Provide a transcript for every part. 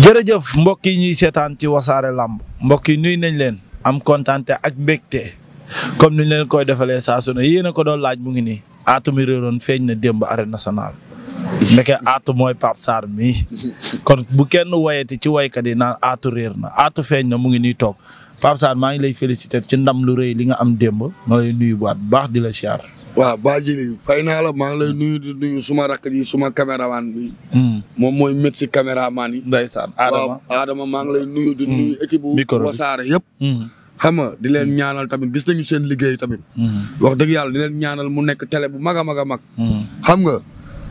jërëjëf mbokk yi ñuy seetaan ci wasaare làmb mbokk yi nuy nañ leen am kontante ak mbégte comme niñ leen koy defalee saa su yéen a ko doon laaj mu ngi nii aatu mi réeroon feeñ na démb arène nationale ndeke aatu mooy Pape Sarr mii kon bu kenn woyati ci woykat yi naan atu réer na feeñ na mu ngi nii toog Pape maa ngi lay féliciter ci ndam lu rëy li nga am démb ma lay nuyu baat baax di la siyaar waaw Ba Djili fay naa la maa ngi lay nuyu di nuyu suma rakk ji suma caméraman bi. Hmm. moom mooy métti caméraman yi. ndeysaan Adama waaw maa ngi lay nuyu. di hmm. nuyu équipe bu wasaare yëpp. Hmm. xam nga di leen ñaanal tamit gis nañu seen liggéey tamit. wax dëgg yàlla di leen ñaanal mu nekk télé bu mag a mag a mag. xam nga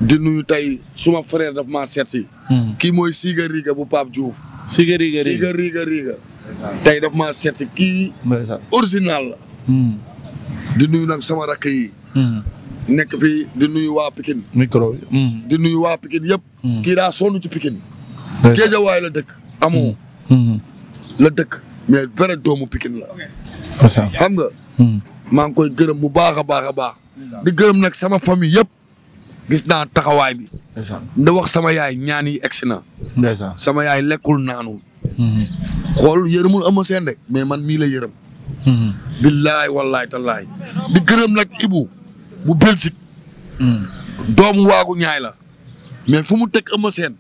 di nuyu tey suma frère daf ma seet si. kii mooy Siga Riga bu Pape Diouf. Siga Riga Riga tey daf ma seet si kii. original di nuyu nag sama rakk yi. Hmm. nekk fii di nuyu waa Pikine. micro hmm. di nuyu waa Pikine yëpp. Hmm. kii daa sonn ci Pikine. géejawaay la dëkk amoo. la dëkk mais vrai doomu Pikine la. xam nga. maa ngi koy gërëm bu baax a baax a baax. di gërëm nag sama famille yëpp. gis naa taxawaay bi. nda wax sama yaay ñaan yi egsi na. sama yaay lekkul naanul. xool yërëmul ama seen de mais man mii la yërëm. billaay wallaay tallaay di gërëm nag Ibou. bu Belgique. Hmm. doom waagu ñaay la. mais fu mu teg Eumeu Sène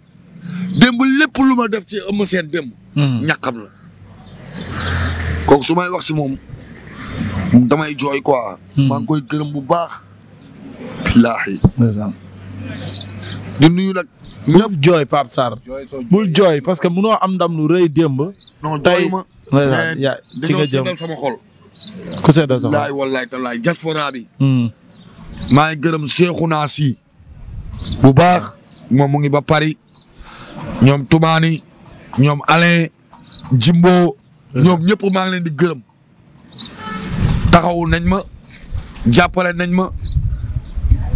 démb lépp lu ma def ci Eumeu Sène démb. Hmm. ñàkkam la. kooku su may wax si moom damay jooy quoi. Hmm. maa ngi koy gërëm bu baax. billaahi. di nuyu nag. ñëpp jooy Pape Sarr. bul jooy parce que noo am ndam lu rëy demb non tey ci nga jëm sama xol. ku seddal sa xol laay wallaay talaay maa ngi gërëm Cheikhouna si bu baax moom mu ngi ba pari ñoom Toumani ñoom Alain Jimbo ñoom ñëpp maa ngi leen di gërëm taxawu nañ ma jàppale nañ ma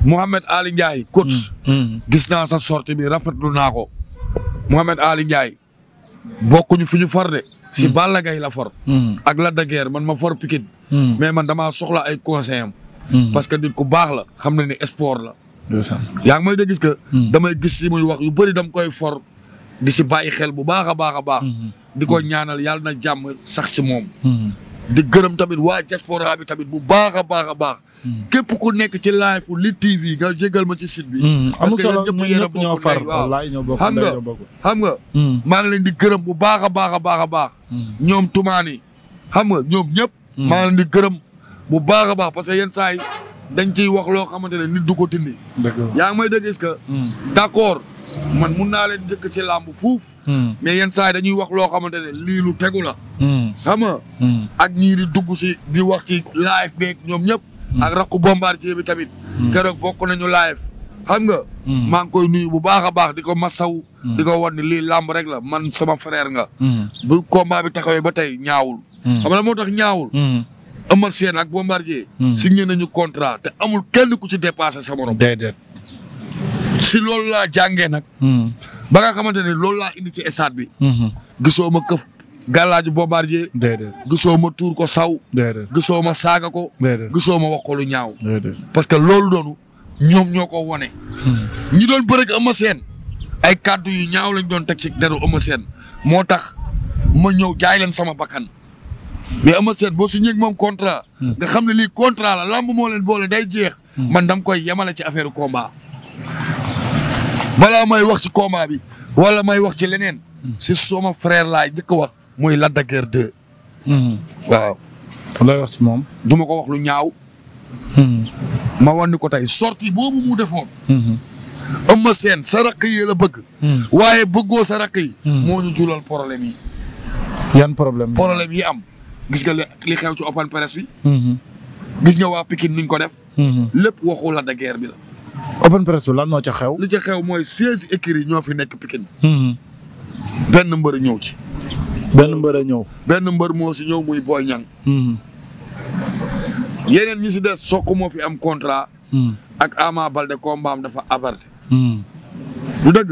Mouhamed Ali Ndiaye coach mm, mm. gis naa sa sortie bi rafetlu naa ko Mouhamed Ali Ndiaye bokkuñu fi ñu far de si mm. Balla Gaye la ak la de guerre man ma for Pikine mais man damaa soxla ay conseil Mm-hmm. parce que nit ku baax la xam na ni sport la. yaa ngi may de gis que. Mm-hmm. damay gis si muy wax yu bëri dam koy for di si bàyyi xel bu baax a baax a baax. Mm-hmm. di ko ñaanal yàlla na jàmm sax si moom. di gërëm tamit waa diaspora bi tamit bu baax a baax a baax. képp ku nekk ci live pour Lutte TV nga jégal ma ci sit bi. amul solo ñun ñëpp ñoo far wallaay ñoo bokk xam nga maa ngi leen di gërëm bu baax a baax a baax a baax. ñoom tumaani xam nga ñoom ñëpp. maa ngi leen di gërëm. bu baax a baax parce que yenn saa dañ ciy wax loo xamante ne nit du ko tindi yaa ngi may dégg est-ce que hmm. man mun naa leen njëkk ci làmb fuuf hmm. mais yenn saa dañuy wax loo xamante ne lii lu tegu la hmm. xam ak ñii di dugg si di wax ci live beeg ñoom ñëpp ak rakku bombardier bi tamit keroog bokk nañu live xam nga maa ngi koy nuyu bu baax a baax di ko masaw di ko wan ne lii làmb rek la man sama frère nga bu combat bi taxawee ba tey ñaawul xam nga moo tax ñaawul Eumeu Sène ak Bombardier. Hmm. signé nañu kontra te amul kenn ku ci dépassé sa morom. déedéet. si loolu laa jàngee nag. Hmm. ba nga xamante ne loolu laa indi ci stade bi. Hmm. gisoo ma këf gàllaaju Bombardier. déedéet gisoo ma tuur ko saw. déedéet gisoo ma saaga ko. déedéet gisoo ma wax ko ñaaw. parce que loolu doonu ñoom ñoo ko wone. ñi doon bëreeg Eumeu Sène ay kàddu yu ñaaw lañ doon te ci deru Eumeu Sène moo tax ma ñëw jaay sama bakkan. mais Eumeu Sène boo signé ak moom contrat. Hmm. nga xam ne lii contrat la lamb moo leen boole day jeex. Hmm. man dam koy yemale ci affaire combat. balaa may wax ci combat bi wala may wax ci leneen. Hmm. si sama frère laay njëkk wax muy Lac de Guiers 2. waaw. wax ci moom. duma ko wax lu ñaaw. ma wan ko tey sortie boobu mu defoon. Eumeu Sène sa rakk yi la bëgg. waaye bëggoo sa rakk yi. moo ñu jural problème yi. yan problème yi am. gis nga li xew ci open press bi. Mhm. gis nga waa Pikine nuñ ko def. Mhm. lépp waxu la de bi la. open press bi lan moo ca xew. li ca xew mooy seize écuries yi ñoo fi nekk Pikine. Mhm. benn mbër ñëw ci. benn mbër a ñëw. benn mbër moo si ñëw muy Boy Niang. yeneen ñi si des sook moo fi am contrat. ak Ama Balde kombaam dafa averti. du dëgg.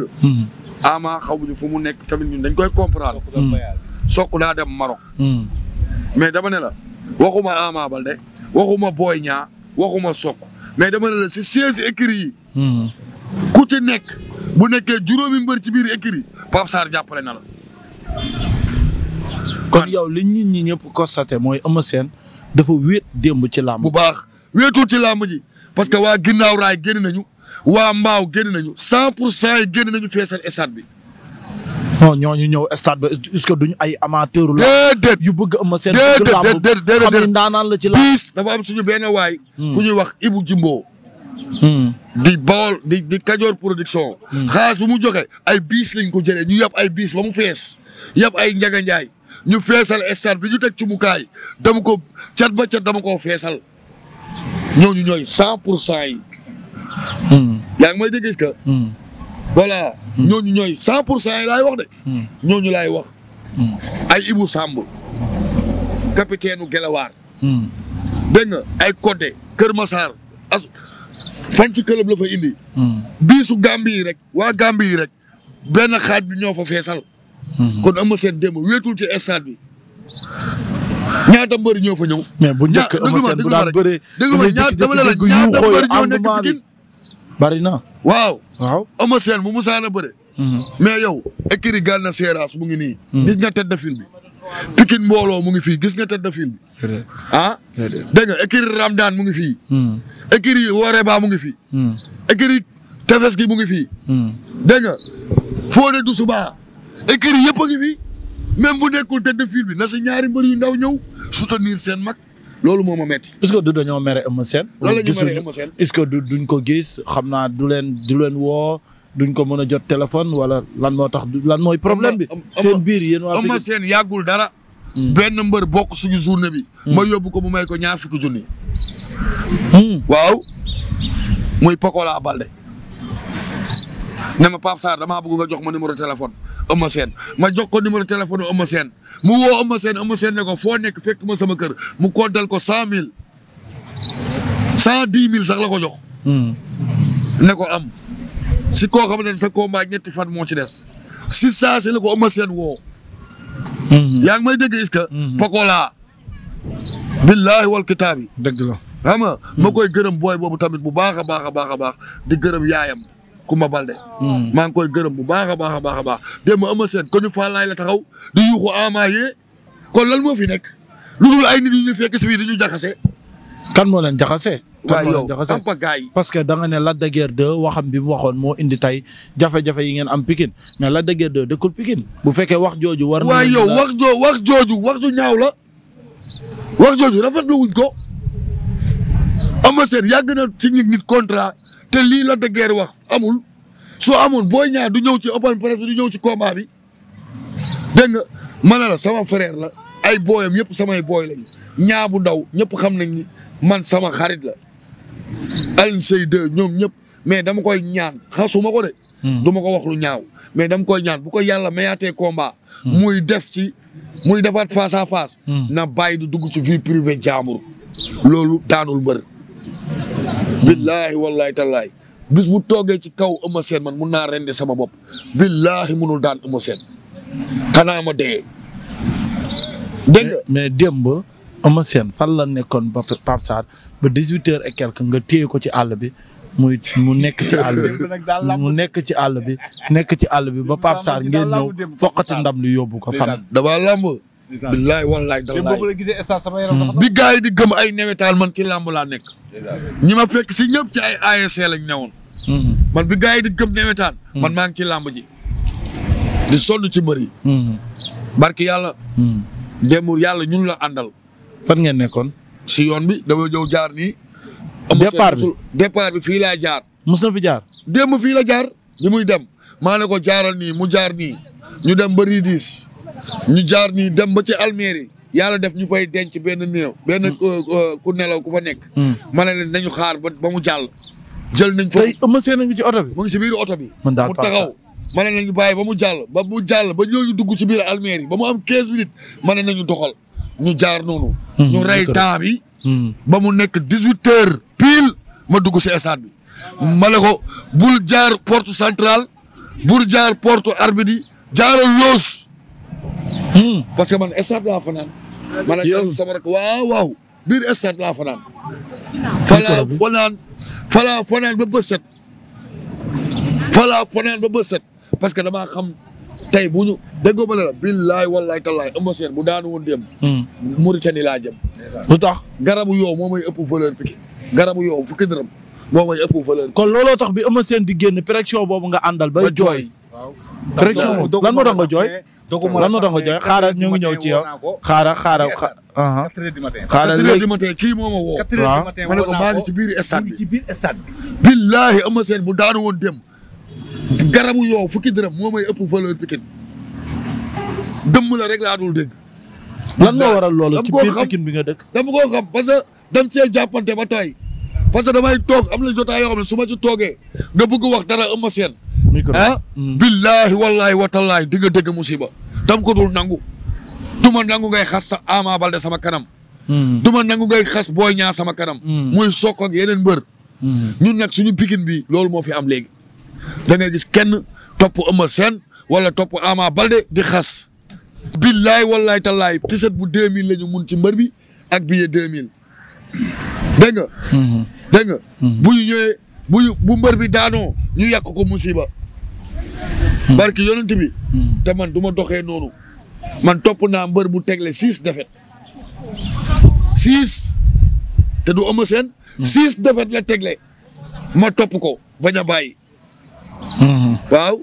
Ama xamuñu fu mu nekk tamit ñun dañ koy comprendre. Sokh daa dem Maroc. mais dama ne la waxuma Ama Baldé waxuma booy Niang waxuma Sokh mais dama ne la si seize écuries yi. Hmm. ku ci nekk bu nekkee juróomi mbër ci biir écurie Pape Sarr jàppale na la. kon yow li nit ñi ñëpp constaté mooy Eumeu Sène dafa wéet démb ci làmb. bu baax wéetul ci làmb ji parce que waa ginnaaw raay génn ñu waa mbaaw génn nañu cent pour cent yi génn nañu feesal stade bi. non ñooñu ñëw stade ba est ay amateur la. déedéet yu bëgg a am ndaanaan la ci la. bis dafa am suñu benn waay. Hmm. ku ñuy wax bu Jimbo. Hmm. di Bawol di di Kajoor production. Hmm. xaalis bu mu joxe ay biis lañ ko jëlee ñu yab ay biis ba mu fees yab ay Ndiaga Ndiaye ñu feesal stade bi ñu teg ci mukaay ko cat ba cat dama koo feesal ñooñu ñooy cent pour cent yi. yaa ngi may dégg est voilà hmm. ñooñu ñooy cent pour cent yi laay wax de. Hmm. ñooñu laay wax. Hmm. ay Ibou Samb capitaine Gelawaar. dégg nga ay Codé Kër Massar as fan ci club la fa indi. biisu Gambie rek waa Gambie yi rek benn xaaj bi ñoo fa feesal. kon am na seen démb wéetul ci stade bi. ñaata mbëri ñoo fa ñëw. mais bu njëkk am seen bu daan bëree. dégg ñaata dama la la ñaata bari na waaw. waaw Eumeu Sène bu Moussa la bëre. Mhm. mais yow écurie Gana Seras mu ngi nii. gis nga tête de bi. Pikine mbooloo mu ngi fi gis nga tête de file bi. ah dégg nga écurie Ramdan mu ngi fii. Mhm. écurie baa mu ngi fi mhm. écurie Tefes gi mu ngi fi dégg nga Fodé du subaa écurie yëpp a ngi fi même bu nekkul tête de file bi na si ñaari mbër yu ndaw ñëw soutenir seen mag. loolu moo ma metti est-ce du dañoo mere Eumeu Sène. loolu la ñu mere Eumeu Sène est-ce que du duñ ko gis xam naa du leen du leen woo duñ ko mën a jot téléphone wala lan moo tax lan mooy problème bi. seen biir yéen waa Eumeu Sène yàggul dara. Hmm. benn mbër bokk suñu journée bi. Hmm. ma yóbbu ko mu may ko ñaar fukki junni. Hmm. waaw muy Pokola Balde. ne ma Pape Sarr damaa bëgg nga jox ma numéro téléphone Eumeu Sène ma jox ko numéro téléphone Eumeu Sène mu woo Eumeu a ma Sène ne ko foo nekk fekk ma sama kër mu koddal ko cent mille cent dix mille sax la ko jox. Hmm. ne ko am si koo xam ne sa combat ñetti fan moo ci des si saa si la ko Eumeu Sène woo. Hmm. yaa ngi may dégg est-ce que. Hmm. billaahi wal kitaabi. dëgg la xam nga ma koy gërëm booy boobu tamit bu baax a baax a baax a baax di gërëm yaayam. Kumba Balde. Oh. Hmm. maa ngi koy gërëm bu baax a baax a baax a baax démb Eumeu Sène ko ñu Fallaye la taxaw di yuuxu Ama yee kon lan moo fi nekk lu dul ay nit yu ñu si fii di jaxase. kan moo jaxase. waaw yow Ampa parce que da ne Lac de Guiers 2 waxam bi mu moo indi tey jafe-jafe yi ngeen am Pikine mais Lac de Guiers 2 dëkkul bu fekkee wax jooju. war na yow wax joo wax jooju ñaaw la wax jooju rafetlu wuñ ko Eumeu Sène yàgg na signé nit contrat te lii la de guerre wax amul soo amoon booy ñaar du ñëw ci open press bi du ñëw ci combat bi dégg nga la sama frère la ay booyam yëpp samay booy lañu ñaa bu daw ñëpp xam nañ ni man sama xarit la Alioune Seye 2 ñoom ñëpp mais dama koy ñaan xas xasuma ko de. Hmm. du ma ko wax lu ñaaw mais dama koy ñaan bu ko yàlla mayaatee combat. Hmm. muy def ci muy defaat face à face. Hmm. na bàyyi di dugg ci vie privée jaamur loolu daanul mbër. billaahi wallaahi tallaahi bis bu toogee ci kaw Eumeu man mun naa rendi sama bopp billaahi munul daan Eumeu Sène xanaa ma dee. dégg mais démb Eumeu Sène fan la nekkoon ba Pape Sarr ba dix-huit nga téye ko ci àll bi muy mu nekk ci àll bi mu nekk ci àll bi nekk ci àll bi ba Pape Sarr ngeen ñëw foqati ndam li yóbbu ko fan. damaa billaay wallaay dallaay bi gars yi di gëm ay newetaal man ci làmb laa nekk ñi ma fekk si ñëpp ci ay ASC lañ newoon hmm. man bi gars yi di gëm newetaan hmm. man maa ngi ci làmb ji di sonn ci mbër yi hmm. barki yàlla demul yàlla ñun la àndal fan ngeen nekkoon si yoon bi dama jow jaar nii départ bi départ bi fii laa jaar mos na fi jaar démb fii la jaar bi muy dem maa ne ko jaaral nii mu jaar nii ñu dem bëri diis ñu jaar nii dem ba ci alméeri yàlla def ñu fay denc benn néew. benn mm. ku nelaw ku fa nekk. Mm. ma ne leen nañu xaar ba ba mu jàll. jël nañ fa tey monsieur nañu ci oto bi. mu ngi si biir oto bi. mu taxaw ma ne nañu bàyyi ba mu jàll ba mu jàll ba ñooñu dugg si biir alméeri ba mu am 15 minutes ma ne nañu doxal ñu jaar noonu. Mm, ñu rey temps bi. ba mu nekk 18 heures pile ma dugg si stade bi. ma ne ko bul jaar porte centrale bul jaar porte Arbitre jaaral loos. Hmm. parce que man stade laa fanaan. yow sama rek waaw waaw biir stade laa fanaan. falaa fanaan ba bët set. falaa fanaan ba bët parce que damaa xam tey bu ñu déggoo ba la billaay wallaay bu daanu woon dem. Hmm. laa lu tax garabu yow moo may ëpp valeur piqué garabu yow fukki dërëm moo may ëpp valeur. kon looloo tax bi Eumeu seen di génn pression boobu nga àndal. ba jooy waaw lan moo nga jooy. doguma la sax mais xaaral ñu ngi ñëw ci yow xaaral uh-huh. xaaral. quatre heures léegi quatre heures du matin kii moo ma woo. quatre heures du ngi ci biir stade bi ci biir stade bi. billaahi ama seen bu daanu woon dem. garabu yow fukki dërëm moo may ëpp valeur Pikine. dëmm la rek laa dul dégg. lan moo waral loolu ci biir Pikine bi nga dëk dama koo xam parce que dam see jàppante ba tooy. parce damay toog am na jotaay yoo ne su ma ci tooge nga bëgg wax a ama ah mm. billaahi wallaahi watallaahi di nga dégg musiba dam ko dul nangu duma nangu ngay xas sa Ama Baldé sama kanam mm. duma nangu ngay xas booy Niang sama kanam mm. muy Sokk ak yeneen mbër ñun nag suñu biggin bi loolu moo fi am léegi da ngay gis kenn topp Eumeu Sène wala topp Ama Baldé di xas billaay wallaay tallaay tiset bu deux mille la ñu mun ci mbër bi ak billet deux mille dégg nga mm-hmm. dégg nga mm-hmm. bu ñu ñëwee bu mbër bi daanoo ñu yàq ko musiba Hmm. parce que yonent bi. Hmm. te man du ma doxee noonu. man topp naa mbër bu tegle six défaites six te du ëmb seen. Hmm. six défaites la tegle ma topp ko bañ a bàyyi. waaw.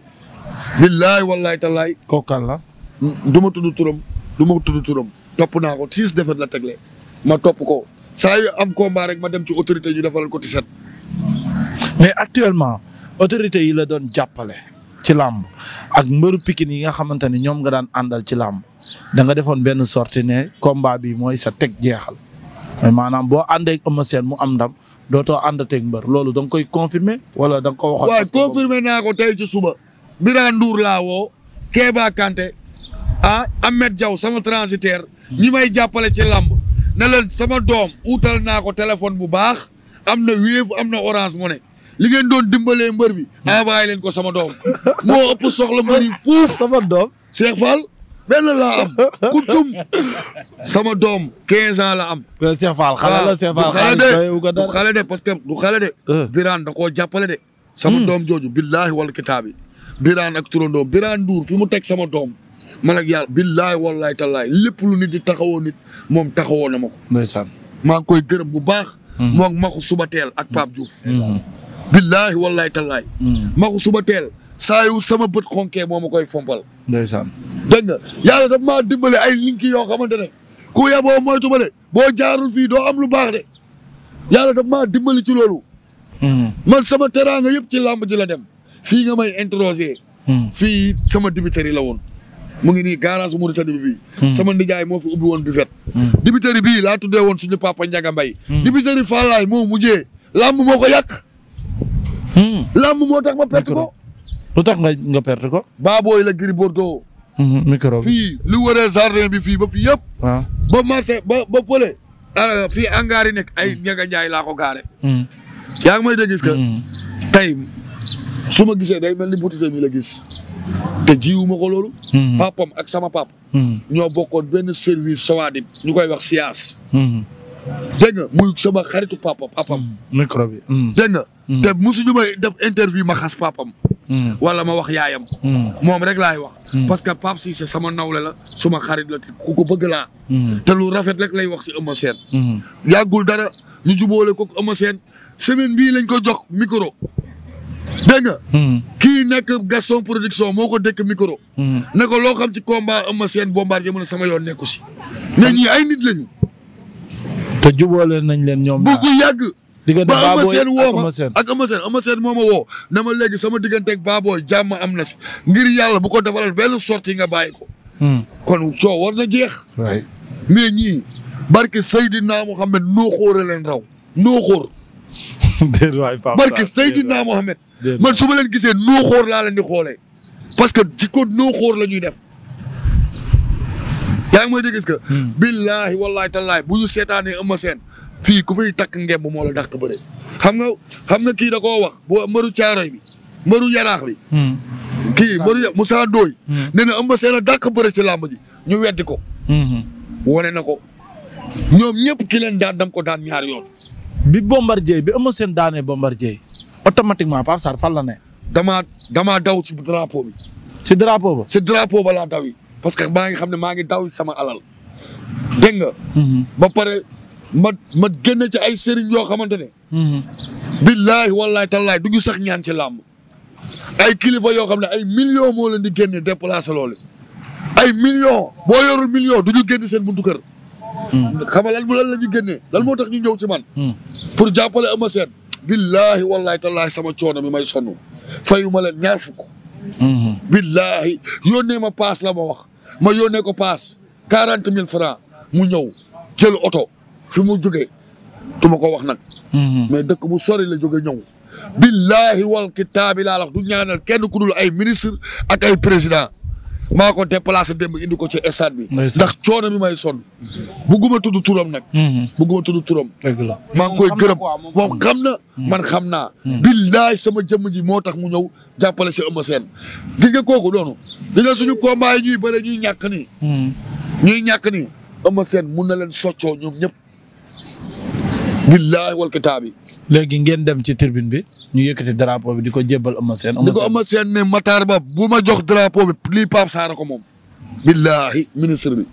billaay wallaay talaay. kookal la. du ma tudd turam du ma tudd turam topp naa ko six défaites la tegle ma topp ko saa yu am combat rek ma dem ci autorité ñu defal ko ti set mais actuellement autorité yi la doon jàppale. ci làmb ak mbëru pikin yi nga xamante ne ñoom nga daan àndal ci làmb danga defoon benn sortie ne combat bi mooy sa teg jeexal mais maanaam boo àndee ak Eumeu mu am ndam dootoo teg mbër loolu da koy confirmer wala dang ko waxoon. waaw confirmer naa ko tey ci suba. Birane Ndour laa woo. Kéba Kanté ah sama transitaire. ni may jàppale ci làmb ne leen sama doom uutal naa ko téléphone bu baax am na Wave am na Orange Money li ngeen doon dimbalee mbër bi hmm. envoyé leen ko sama doom moo ëpp soxla mbër yi sama doom Cheikh Fall benn laa am kuntum sama doom quinze ans la am euh, Cheikh Fall xale du xale de parce que du xale de euh. Birane da koo de sama hmm. doom jooju billaahi wal kitaabi Birane ak turandoom Birane Ndour fi mu teg sama doom man ak yàlla billaahi wallaahi tallaahi lépp lu nit di nit moom taxawoo na ma ko ndeysaan maa ngi koy gërëm bu baax hmm. moom maxu suba teel ak Pape Diouf billaahi wallaahi tallaahi. Hmm. maxu suba teel saa sama bët xonkee moo ma koy fompal. ndeysaan. dégg nga yàlla daf maa dimbale ay linki yoo xamante ne ku yaboo moytu de boo jaarul fii doo am lu baax de yàlla daf maa dimbali ci loolu. Hmm. man sama teraanga yëpp ci làmb ji la dem fii nga may interroger. Hmm. fii sama dibiteri la woon. mu ngi nii garage Mauritanie bi bii. sama nijaay moo fi ubbi woon bi fet. dibiteri bii laa tuddee woon suñu papa Ndiaga Mbaye. dibiteri Fallaye moo mujjee làmb ko yàq. làmb moo tax ma perte tax nga nga perte ko. baabooy la Gris Bordeaux. Mhm, micro bi fii lu waree jardin bi fii ba fii yëpp. waaw ah. ba marché ba ba pële. fii hangar nekk ay ñaga njaay laa ko gaare. Mhm. yaa ngi may dégg gis que. Mhm. tey su ma gisee day mel ni boutique mi la gis. te jiwuma ko loolu. papam ak sama pap. ñoo bokkoon benn service sawaadib ñu koy wax siyaas. dégg muy sama xaritu papam papam. micro bi Mm. te musuñu may def interview ma xas papam mm. wala ma wax yaayam. Mm. moom rek laay wax. parce que si Cissé sama nawle la suma xarit la bëgg laa. te lu rafet rek lay wax si Eumeu Sène. yàggul dara ñu jubóole ko Eumeu Sène semaine bii lañ ko jox micro. dégg nga. nekk Gaston production moo ko dëkk micro. ne ko loo xam ci combat Eumeu Sène Bombardier mu sama yoon nekku si. mais ay nit lañu. te jubóole nañ leen ñoom. bu yàgg. diggante Baboy ak Eumeu Sène ak Eumeu Sène Eumeu Sène moo ma woo na ma léegi sama diggante ak Baboy jàmm am na si ngir yàlla bu ko defaral benn sorti nga bàyyi ko. Hmm. kon coow war na jeex. waay mais ñii barke Seydina Mohamed noo xóore leen raw noo xóor. barke Seydina Mohamed. man su ma gisee noo xóor laa leen di xoolee. parce que jikko noo xóor la ñuy def. yaa ngi may dégg est que. Hmm. billaahi wallaahi tallaahi bu ñu seetaanee Eumeu fii ku fiy takk ngemb moo la dàq bëre xam nga xam nga kii na ko wax boo mbëru caaroy bi mbëru yaraax bi hmm. kii mbëru Moussa Ndoye hmm. nee na Eumeu Sène a dàq bëre ci làmb ji ñu weddi ko hmm. wane na ko ñoom ñëpp ki leen daan dam ko daan ñaar yoon bi Bombardier bi Eumeu Sène daanee Bombardier automatiquement Pape Sarr fan la ne damaa damaa daw ci drapeau bi ci drapeau ba ci drapeau yi parce que maa ngi xam ne maa ngi daw sama alal dégg ba pare ma ma génne ci ay sëriñ yoo xamante ne. Mm-hmm. billaahi wallaahi tallaahi du ñu sax ñaan ci làmb. ay kilifa yoo xam ne ay million moo leen di génne déplacé loolu ay million boo yorul million du ñu génn seen buntu kër. Mm-hmm. xam nga lan lan la ñu génnee lan moo tax ñu ñëw ci man. Mm-hmm. pour jàppale Eumeu Sène. billaahi wallaahi tallaahi sama coono mi may sonn fayuma leen ñaar fukk. billaahi yónnee ma paas la ma wax ma yónnee ko paas quarante mille francs mu ñëw jël oto. fi mu juge tu ma ko wax nag. Mm-hmm. mais dëkk bu sore la jóge ñëw. billahi wal kitaabi laa wax du ñaanal kenn ku dul ay ministre ak ay président maa ko déplacé démb indi ko ci stade bi. ndax coona bi may sonn. bugguma tudd turam nag. Mm-hmm. bugguma tudd turam. la maa ngi koy gërëm moom xam na mm-hmm. man xam naa. billahi sama jëmm ji moo tax mu ñëw jàppale si Eumeu Sène. gis kooku doonu gis nga suñu combat yi ñuy bëre ñuy ñàkk ni ñuy ñàkk ni Eumeu Sène mun na leen soccoo ñoom ñëpp. billaahi wal kitaabi. léegi ngeen dem ci tribune bi ñu yëkkati drapeau bi di ko jébbal Eumeu Sène. di ko Eumeu Sène ne Matar Ba bu ma jox drapeau bi lii Pape Sarr ko moom. billaahi ministre bi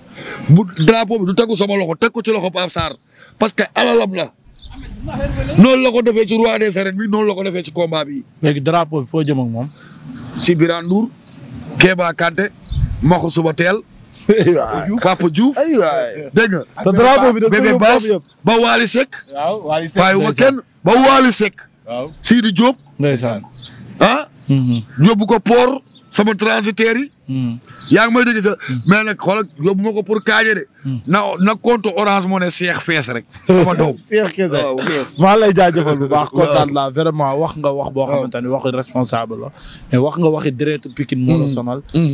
bu drapeau bi du tegu sama loxo teg ko ci loxo Pape Sarr parce que alalam la. noonu la ko defee ci roi des bi noonu la ko defee ci combat bi. léegi drapeau bi foo jëm moom. si Birane Ndour Kéba Kanté Maxu Suba Teel. Papa Diouf dégg nga. te drapeau bi bébé Bass ba Waly Seck. waaw Waly Seck waaye ma kenn ba Waly Seck. Ah? Mm-hmm. ko port sama transitaire yi. Mm-hmm. yaa ngi may dégg sax mm-hmm. mais nag xoolal yóbbu ko pour kaaje na na compte orange moo ne seex fees rek. sama doom seex kees maa lay jaajëfal bu baax kontaan la vraiment wax nga wax boo xamante ne wax responsable la. wax nga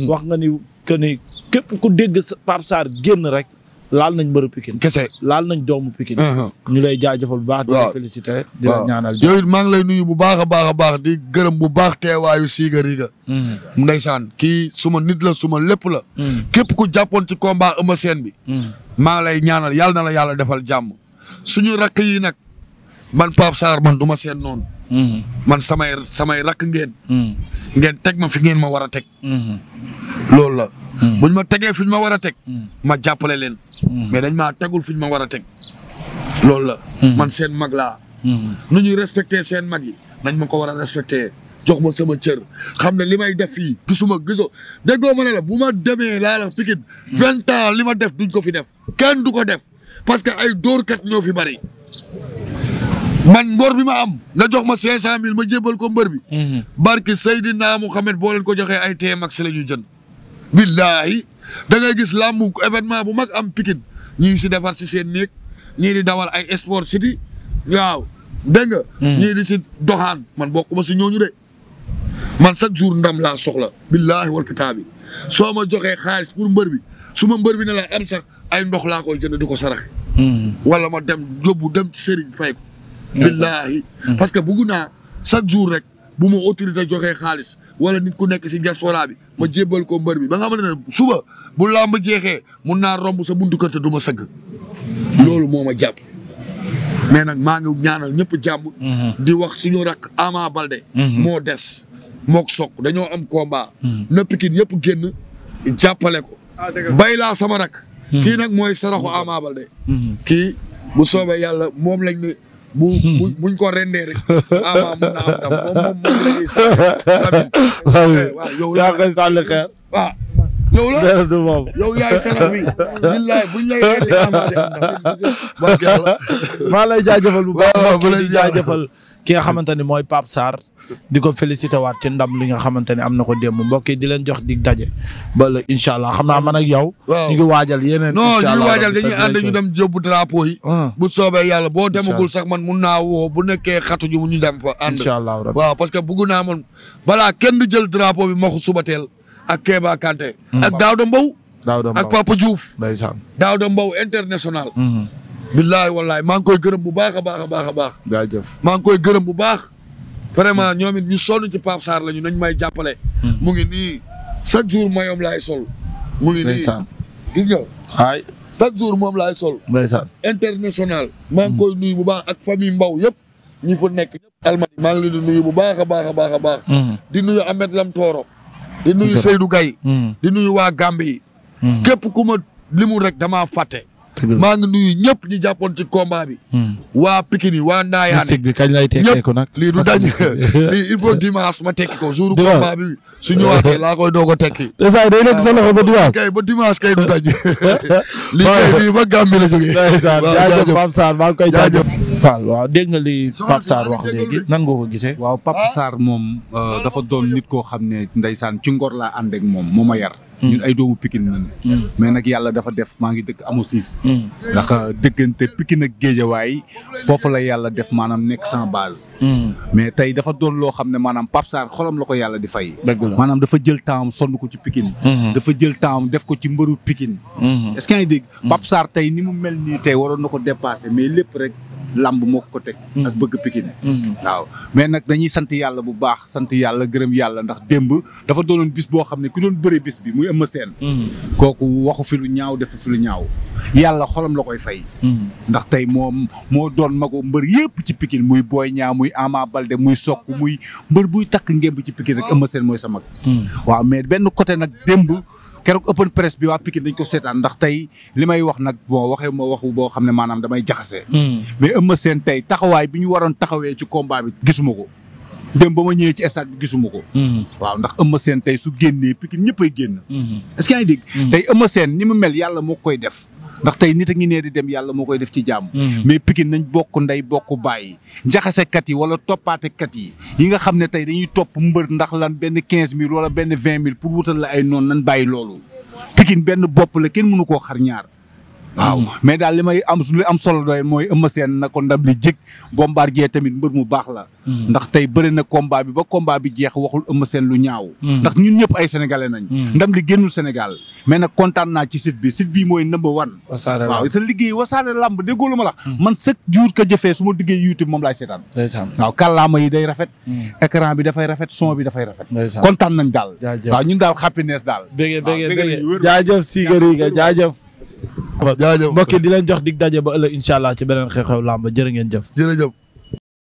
wax nga ni que ni képp ku dégg Pape génn rek laal nañ mbëru pikin kese laal nañ doomu Pikine. Uh-huh. ñu lay jaajëfal bu baax. di la féliciter ñaanal. yow it maa lay nuyu bu baax a baax a baax di gërëm bu baax teewaayu Siiga Riga. Mm-hmm. ndeysaan kii suma nit la suma lépp la. Mm-hmm. képp ku jàppoon ci combat Eumeu Sène bi. Mm-hmm. maa lay ñaanal yàlla na la yàlla defal jàmm. suñu rakk yi nag man Pape Sarr man du ma seen noonu. Mm-hmm. man samay samay rakk ngeen. Mm-hmm. ngeen teg ma fi ngeen ma war a teg. Mm-hmm. loolu la. buñ ma tegee fi ñu ma war a teg. ma jàppale leen. mais dañ maa tegul fi ñu ma war a teg. loolu la. man seen mag laa. nu ñuy respecté seen mag yi nañ ma ko war a respecté jox ma sama cër xam ne li may def fii gisuma gisoo déggoo ma ne la bu ma demee laa la Pikine vingt ans li ma def duñ ko fi def kenn du ko def parce que ay dóorkat ñoo fi bari man ngor bi ma am nga jox ma cinq cent mille ma jébbal ko mbër bi mm-hmm. barki Seydina Muhammad boo leen ko joxee ay tee ak si la jën jënd billaahi da ngay gis làmb événement bu mag am Pikine ñii si defar si seen néeg ñii di dawal ay sport city waaw dégg nga mm-hmm. ñii di si doxaan man ma si ñooñu de man chaque jour ndam laa soxla billaahi wal kitaabi soo ma joxe xaalis pour mbër bi su ma mbër bi ne la am ay ndox laa koy jënd di ko saraxe mm-hmm. wala ma dem yóbbu dem ci sëriñ billaahi parce que bugg naa chaque jour rek bu ma autorité joxee xaalis wala nit ku nekk si diaspora bi ma jébbal ko mbër bi ba nga xamante ne suba bu làmb jeexee mun naa romb sa buntu kër du ma sëgg loolu moo ma jàpp mais nag maa ngi ñaanal ñëpp jàmm mhm. di wax suñu rak Ama Balde mhm. moo des mook Sokh dañoo am combat mhm. na Pikine yëpp génn jàppale ko ah, bay sama rak kii nag mooy saraxu Ama Balde kii bu soobee yàlla moom lañ ne bu bu hmm. buñ ko rendee rek ama mun na am ndam moom moom moom la ñuy sànni eh, waaw yow la koy sànni xeer waaw yow la yow yaay sarax bi billaay buñ lay rendi ama de am ndam maa lay jaajëfal bu baax bu lay jaajëfal ki nga xamante ni mooy Pape Sarr di ko félicité waat ci ndam li nga xamante ni am na ko démb mbokk yi di leen jox dig daje ba la allah xam na man ak yow. waaw ñu ngi waajal yeneen. non ñu ngi waajal dañuy ànd ñu dem jóbbu drapeau ah. bu soobee yàlla boo demagul sax man mun naa woo bu nekkee xatu ji mu ñu dem fa. ànd incha allah waaw parce que bugg naa man balaa kenn di jël drapeau bi maxu subateel ak Kéba Kanté. Mm. ak Daouda da Daouda Mbow ak Papa Diouf. ndeysaan Daouda Mbow international. Mm-hmm. billaay wallaay maa ngi koy gërëm bu baax a baax a baax a baax. jaajëf maa ngi koy gërëm bu baax. vraiment ñoom it ñu sonn ci Pape Sarr lañu nañ may jàppale. Hmm. mu ngi nii chaque jour mayom laay sol. mu ngi nii gis nga. ay chaque jour moom laay sol. ndeysaan international. maa ngi koy nuyu bu baax ak famille Mbaw yëpp. ñi fa nekk ñëpp Almadi maa ngi leen bu baax a baax a baax a baax. Hmm. di nuyu Ahmed Lam Tooro. di nuyu Seydou Gaye hmm. di nuyu waa Gambie. képp ku ma limul rek damaa fàtte. maa ngi nuyu ñëpp ñu jàppoon ci combat bi. Hmm. waa Pikine waa Ndayane. mystique bi kañ lay tekkee ko nag. lii du dañ lii il faut dimanche ma tekki ko jour combat bi su ñëwaatee laa koy doog a tekki. te saa day nekk sa loxo ba dimanche. kay du dañ. lii ba Gambie la jógee. waaw jaajëf Pape Sarr maa ngi koy jaajëf. Fall waaw li Pape Sarr wax léegi nan nga ko gisee. waaw Pape ah. Sarr moom euh, dafa doon nit koo xam ne ndeysaan ci ngor laa ànd ak moom moo ma yar. Mm. ñun ay doomu Pikine nañ mm. mm. mais nag yàlla dafa def maa ngi dëkk amu siis ndax dëggante ak Géejawaay foofu la yàlla def maanaam nekk sans base mais tey dafa doon loo xam ne maanaam Pape Sarr xolam la ko yàlla di fay maanaam dafa jël temps sonn ko ci Pikine mm-hmm. dafa jël temps def ko ci mbëru Pikine mm-hmm. est-ce que yaa ngi dégg mm-hmm. Pape Sarr tey ni mu mel nii tey waroon na ko dépassé mais lépp rek lamb moo ko teg ak bëgg Pikine waaw mais nag dañuy sant yàlla bu baax sant yàlla gërëm Eumeu Sène hmm. kooku waxu fi lu ñaaw defu fi lu ñaaw yàlla xolam la koy fay hmm. ndax tey moom moo doon mago mbër yëpp ci Pikine muy Boy Niang muy Ama Baldé muy Sokk muy mbër buy takk ngemb ci Pikine rek Eumeu Sène mooy sa mag hmm. waaw mais benn côté nag démb keroog open press bi waa Pikine dañ ko seetaan ndax tey li may wax nag bon waxee moo waxu boo xam ne maanaam damay jaxase mais Eumeu Sène tey taxawaay bi ñu waroon taxawee ci combat bi gisuma ko dem ba ma ñëwee ci stade bi gisuma ko. Mhm. waaw ndax Eumeu seen tey su génnee Pikine ñëpp ay génn. Mhm. est-ce que yaa ngi dégg. Mhm. tey Eumeu Sène ni mu mel yàlla moo koy def. ndax tey nit a ngi nee di dem yàlla moo koy def ci jàmm. mais Pikine nañ bokk ndey bokk bàyyi. njaxasekat yi wala toppaatekat yi yi nga xam ne tey dañuy topp mbër ndax lan benn quinze mille wala benn vingt mille pour wutal la ay noon nan bàyyi loolu. Pikine benn bopp la kenn mënu koo xar ñaar. waaw hmm. mais daal li may am li am solo doy mooy Eumeu Sène na ko ndam li jig Bombardier tamit mbër mu baax la. Hmm. ndax tey bëri na combat bi ba combat bi jeex waxul Eumeu Sène lu ñaaw. Hmm. ndax ñun ñëpp ay sénégalais nañ. ndam li génnul Sénégal mais nag kontaan naa ci site bi site bi mooy number one. wasaare waaw sa liggéey wasaare lamb déggoo lu ma la. man chaque jour ka jëfee su ma duggee YouTube moom laay seetaan. waaw kàllaama yi day rafet. écran bi dafay rafet son bi dafay rafet. kontaan nañ daal. waaw ñun jaajëf mbokk di leen jox dig daje ba ëllëg incha allah ci beneen xew-xew làmb jërë ngeen jëf jërëjëf